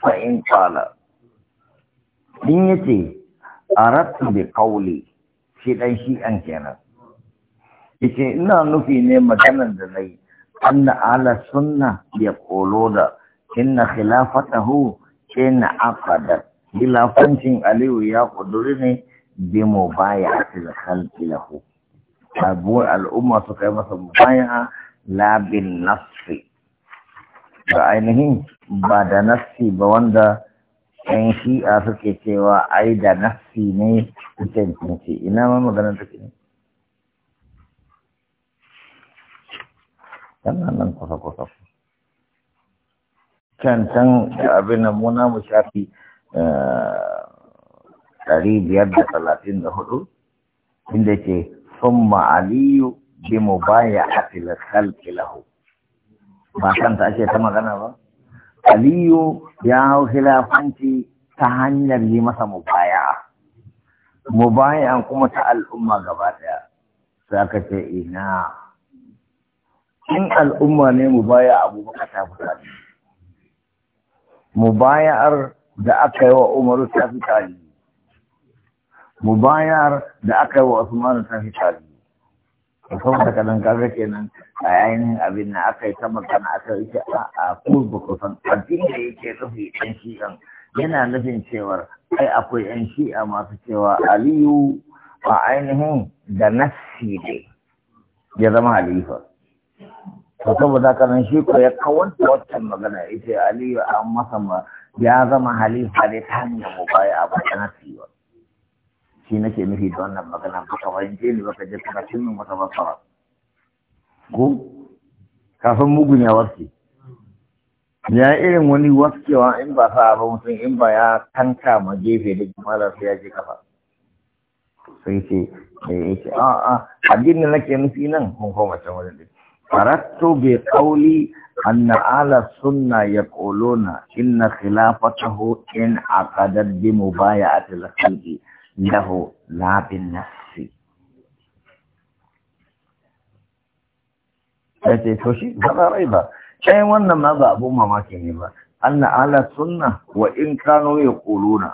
fa'in kwala. Din ya ce, a ratun da shi ɗan shi an kenan. Yake ina nufi ne maganar da na yi, ala sunna ya kolo da, inna hu, ke na akadar. Khilafancin Aliyu ya ƙuduri ne, bi mu baya a cikin lahu. al'umma suka yi masa mu baya labin nasu. da ainihin ba da nassi ba wanda yan shi'a suke cewa ai da nassi ne kusan cinci ina ma maganar take ne tana nan kusa-kusa cancan da abin nan muna mu shafi eh, ɗari biyar da talatin da hudu inda ke summa aliyu bi mu baya a filakalki lahu ba ta ake ta magana ba aliyu ya hau khilafanci ta hanyar yi masa mubaya mubayan kuma ta al'umma gaba daya za ka ce ina in al'umma ne mubaya abubakar ta fita mubayar da aka yi wa umaru ta fi tali mubayar da aka yi wa usmanu ta fi tali da kuma da kadan kenan a yayin abin na aka yi ta magana aka yi ce a a kurbu kusan abin da yake nufi yan shi'an yana nufin cewar ai akwai yan shi'a masu cewa aliyu a ainihin da nassi ne ya zama halifa to saboda haka nan shi ko ya kawanta wata magana ita aliyu an masa ya zama halifa ne ta hanyar mubaya a nassi shi nake nufi da wannan magana ba ka fahimce ni ba ka je kana cin wata masara ko kafin mugun ya warke ya irin wani waskewa in ba sa ba mutum in ba ya tanka ma gefe da jimalar sai ya je kafa sai ce ya ce a ah, a ah, abin da nake nufi nan mun koma can wajen din faratto bi qawli anna ala sunna yaquluna inna khilafatahu in aqadat bi mubaya'ati al-khalqi له لا بالنفس هذه توشي بلا ريبة شيء وانا ما ضابوا ما ماكين يبا أن على سنة وإن كانوا يقولون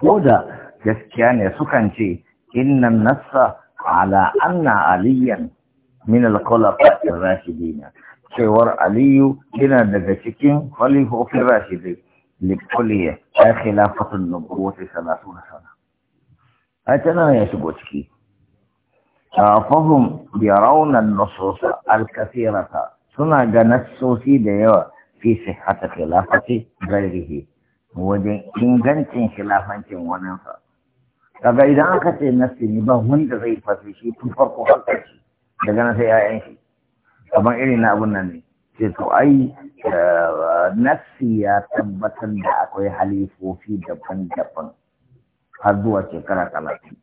فودا جسكيان يسوكان شيء إن النص على أن عليا من الخلفاء الراشدين شيء علي كنا نجسكين خليفه في الراشدين likulliya ya khilafatun nubuwati salatuna sana ai tana ya shigo ciki fahum yarawna an-nusus al-kathirata suna ga nassosi da yawa fi sihhati khilafati ghairihi wajen ingancin khilafancin wannan sa kaga idan aka ce nassi ne ba wanda zai fasi shi tun farko halkar shi daga nan sai 'ya'yan shi kamar irin na abun nan ne ce to ai eh, nassi ya tabbatar da akwai halifofi daban-daban har zuwa shekara talatin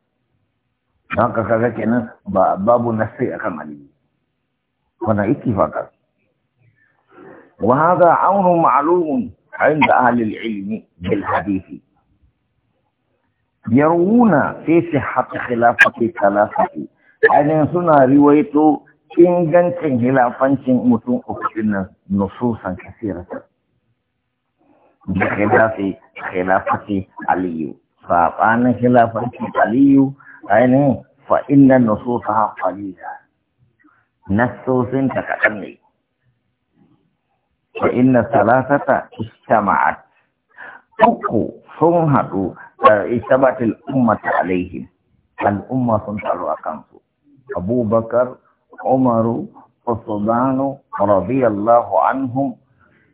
don ka kaga kenan ba babu nassi akan aliyu wannan ittifaqan wa hadha amrun ma'lumun inda ahli al-ilm bil hadith yarwuna fi sihhat khilafati thalathati ainin suna riwaito. ingancin hilafancin mutum uku dinnan nususan kasirata da khilafi khilafati aliyu saɓanin hilafancin aliyu ainihin fa inna nususa qalila nassosin ta kaɗan ne fa inna salasata istama'at uku sun haɗu da eh, istabatil ummata alaihim al'umma sun taru a kansu abubakar Umaru Osodano radiyallahu anhu.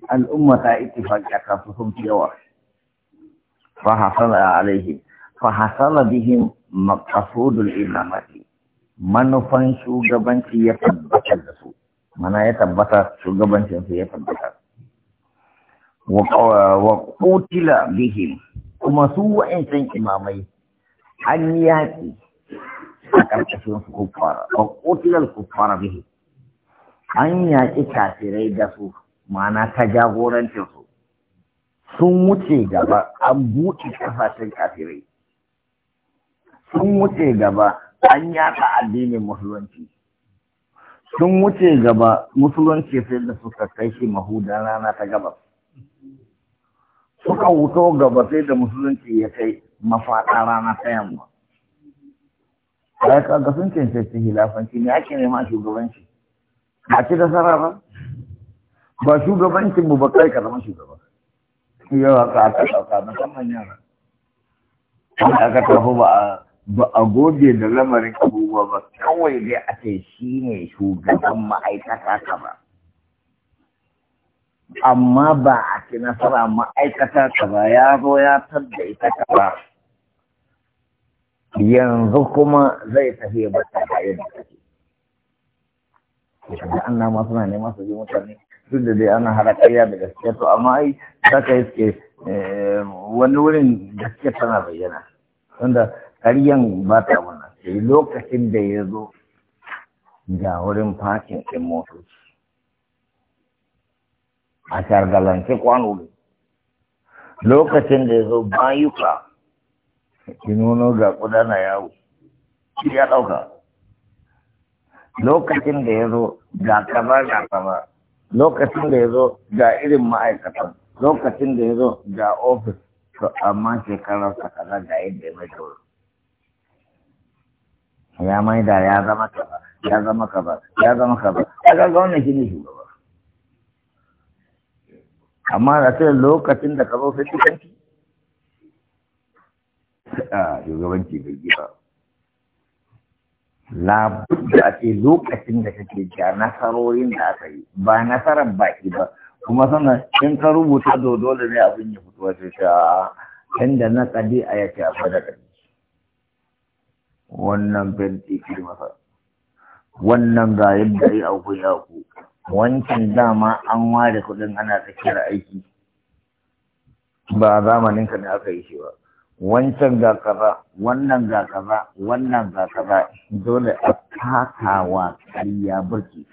An ummata aiki a kakasun cewa? Fahasala a Alayhi. Fahasala bihin makasudun illa naɗi. Manofan shugabancin ya tabbata da su. Mana ya tabbata shugabancinsu ya tabbata. Waƙoƙila bihin. Umar su wa 'yansanci mamai? An yaki. a ƙarƙashin su kuffara a kutilar kuffara bihi an yaƙi kafirai da su ma'ana ta jagorancin su sun wuce gaba an buɗe ƙasashen kafirai sun wuce gaba an yaɗa addinin musulunci sun wuce gaba musulunci sai da suka kai shi mahuda rana ta gabas suka wuto gaba sai da musulunci ya kai mafaɗa rana ta yamma ya kaga sun cancanci hilafanci ne ake nema shugabanci ba ci nasara ba ba shugabancin mu ba kai ka zama shugaba yawa ka aka sauka musamman yara wanda aka tafi ba ba a goge da lamarin abubuwa ba kawai dai a ce shi ne shugaban ma'aikata ka ba amma ba a ci nasara ma'aikata ka ba ya zo ya tabda ita ka ba yanzu kuma zai tafi ya bata da yadda kake da an nama suna neman su ji mutane duk da dai ana hada ƙarya da gaskiya to amma ai za ka iske eh, wani wurin gaskiya tana bayyana wanda ƙaryan ba ta wannan sai lokacin da ya zo ga wurin fakin ɗin motoci a shargalance kwano lokacin da ya zo bayuka ki nuno ga kuda na yawo shi ya ɗauka lokacin da ya zo ga kaza ga kaza lokacin da ya zo ga irin ma'aikatan lokacin da ya zo ga ofis to amma shekarar sa kaza ga inda ya mai tauro ya mai da ya zama kaza ya zama kaza ya zama kaza ya ga wannan shi shugaba amma da sai lokacin da ka zo sai a shugabanci bai yi ba da a ce lokacin da kake ja nasarorin da aka yi ba nasarar baki ba kuma sannan in ka rubuta da dole ne abin ya fito wace sha inda na kadi a yake a fada kadi wannan fenti ke masa wannan ga yadda ya auku ya ku wancan dama an ware kuɗin ana tsakiyar aiki ba zamanin ka ne aka yi shi ba wancan ga kaza wannan ga kaza wannan ga kaza dole a takawa kariya burki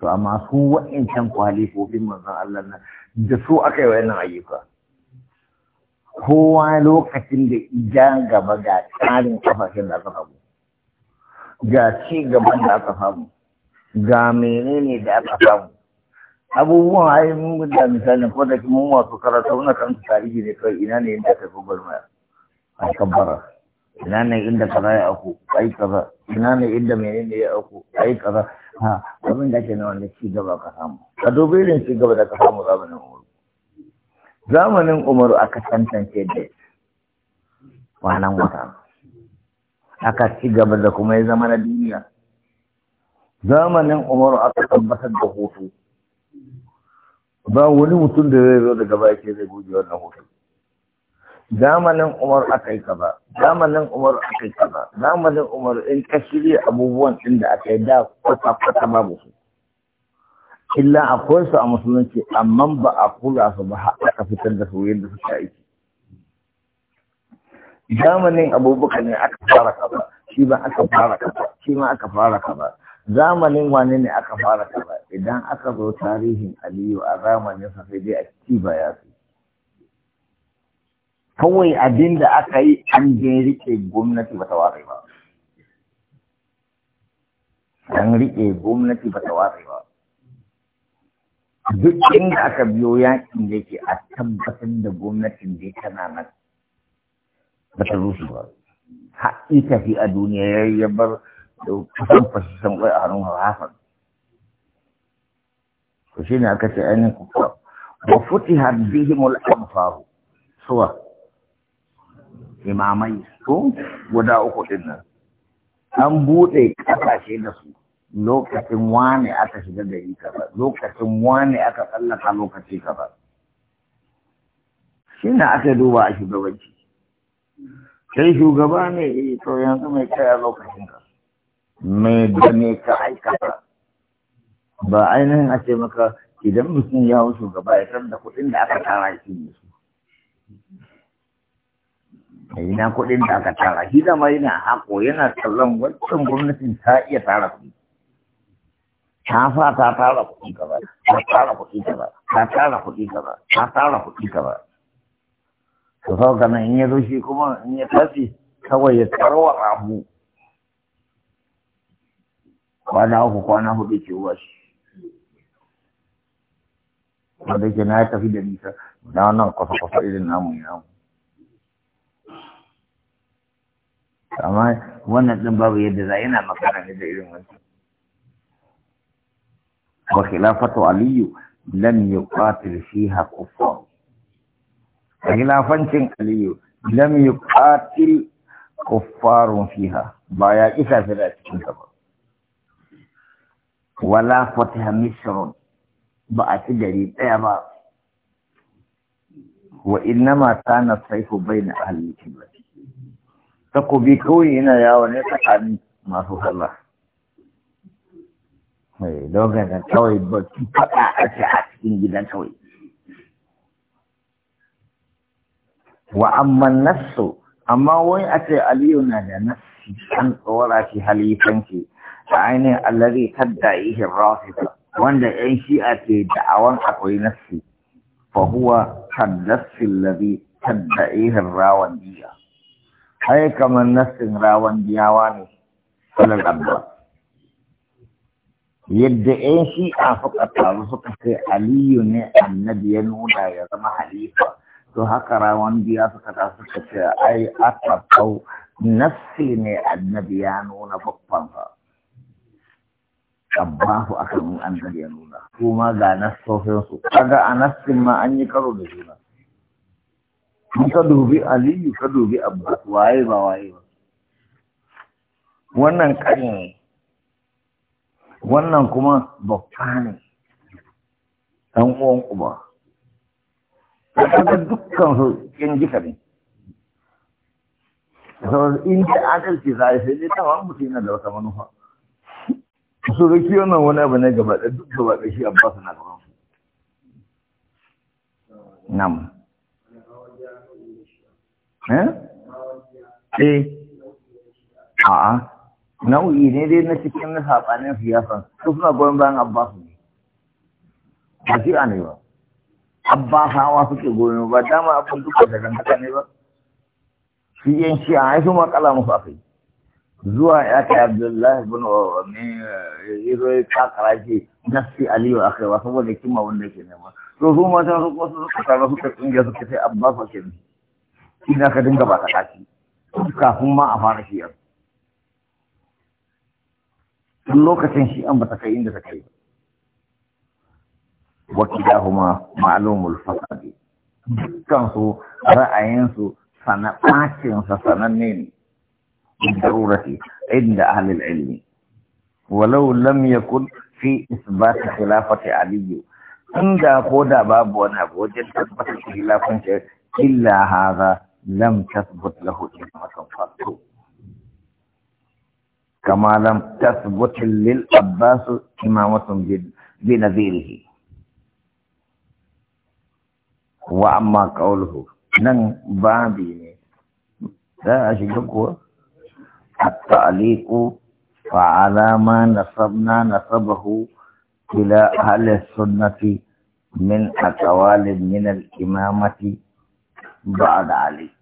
to amma su wa'incan kwalifofin manzon Allah nan da su aka yi wayannan ayyuka kowa lokacin da ija gaba ga tsarin kafashin da aka samu ga ci gaban da aka samu ga menene da aka samu abubuwan ai mun gudda misali ko da mun wasu karatu muna kan tarihi ne kai ina ne inda ta google map a kabbara ina ne inda kaza ya aku ai kaza ina ne inda menene ya aku ai kaza ha abin da ke na wanda ci gaba ka samu ka dubi irin ci gaba da ka samu zamanin umaru zamanin umaru aka tantance da wannan wata aka ci gaba da kuma ya zama na duniya zamanin umaru aka tabbatar da hutu ba wani mutum da zai zo daga baki zai goge wannan hoto zamanin umar aka yi kaza zamanin umar aka yi kaza zamanin umar in ka shirya abubuwan din da aka yi da kwata kwata babu su illa akwai su a musulunci amma ba a kula su ba har aka fitar da su yadda suka aiki zamanin abubuwa ne aka fara kaza shi ba aka fara kaza shi ma aka fara kaza zamanin wane ne aka fara kaza idan aka zo tarihin aliyu a zamanin sa sai dai a ci ba ya su kawai abin da aka yi an je rike gwamnati ba ta ware ba an rike gwamnati ba ta ware ba duk inda aka biyo yakin da yake a tabbatar da gwamnatin dai tana nan ba ta rusu ba har tafi a duniya ya bar da kusan fasashen kwai a hannun harafan. to shi ne aka ce ainihin kuka wa futihat bihimul faru. suwa imamai sun guda uku din nan an buɗe ƙasashe da su lokacin wane aka shiga da gari kaza lokacin wane aka tsallaka lokaci kaza shi ne aka duba a shugabanci sai shugaba ne eh, to yanzu mai kaya lokacin kaza mai gane ka aikata ba ainihin a ce maka idan mutum ya hau shugaba ya san da kuɗin da aka tara shi ne su a ina kuɗin da aka tara shi dama yana hako yana kallon wancan gwamnatin ta iya tara kuɗi ta sa ta tara kuɗi gaba ta tara kuɗi gaba ta tara kuɗi gaba ta tara kuɗi gaba to sau in ya zo shi kuma in ya tafi kawai ya tarwa rahu kwana uku kwana hudu ke uwa shi wanda yake na tafi da nisa na wannan kwasa-kwasa irin namu ya namu amma wannan ɗin babu yadda za yana makara ne da irin wancan wa khilafatu aliyu lam yuqatil fiha kuffar khilafancin aliyu lam yuqatil kuffarun fiha ba ya kisa fira cikin ta wala fatiha misrun ba a ci gari ɗaya ba wa innama kana saifu baina ahli kibla takobi kawai yana yawo ne tsakanin masu sallah mai eh, lokacin kawai ba ki faɗa a ce a cikin gidan kawai wa amma nasu amma wani a ce aliyu na da nassi an tsora shi halifanci عيني الذي تدعيه الرافضة وعند أي شيء دعوان أقوي نفسي فهو كالنفس الذي تدعيه الراوندية أي كما النفس الراوندية واني صلى الله عليه يدعي شيء فقط فقط في علي نعم النبي نولا يزم حليفة تو هكا راوندية فقط فقط أي أتبقى نفسي نعم النبي نولا فقط a kan an ya nuna Kuma ga nassofin su kaga a nasin ma an yi karo da juna in ka dubi aliyu ka dubi abbas waye ba waye ba wannan ƙari ne wannan kuma babba ne ɗan uwan uba kaga dukkan su yan jika ne sau in ta adalci za a yi sai dai tawa mutum yana da wata manufa su zaki wannan wani abu ne gaba da duk gaba da shi abba suna gaban su nam eh eh a'a nau'i ne dai na cikin na saɓanin siyasa su suna goyon bayan abba su ne ba shi a ne ba abba hawa suke goyon ba dama abin duk da dangantaka ne ba shi yan shi a haifu makala musu a kai zuwa ya kai abdullahi bin wani iroi kakara ce nasi aliyu a kaiwa saboda kima wanda ke nema to su mata su kuma su suka tara suka tsinga suka sai abba fa ke ina ka dinga ba ka tashi kafin ma a fara shi yau tun lokacin shi an ba ta kai inda ta kai wa kuma ma'alumul fasadi dukkan su ra'ayinsu su ɓacin sa sananne ne بالضرورة عند أهل العلم ولو لم يكن في إثبات خلافة علي عند قودا باب ونبو جل تثبت خلافة إلا هذا لم تثبت له إمامة قط كما لم تثبت للعباس إمامة بنذيره وأما قوله نن بابي ne za a kuwa التعليق فعلى ما نصبنا نصبه إلى أهل السنة من أقوال من الإمامة بعد علي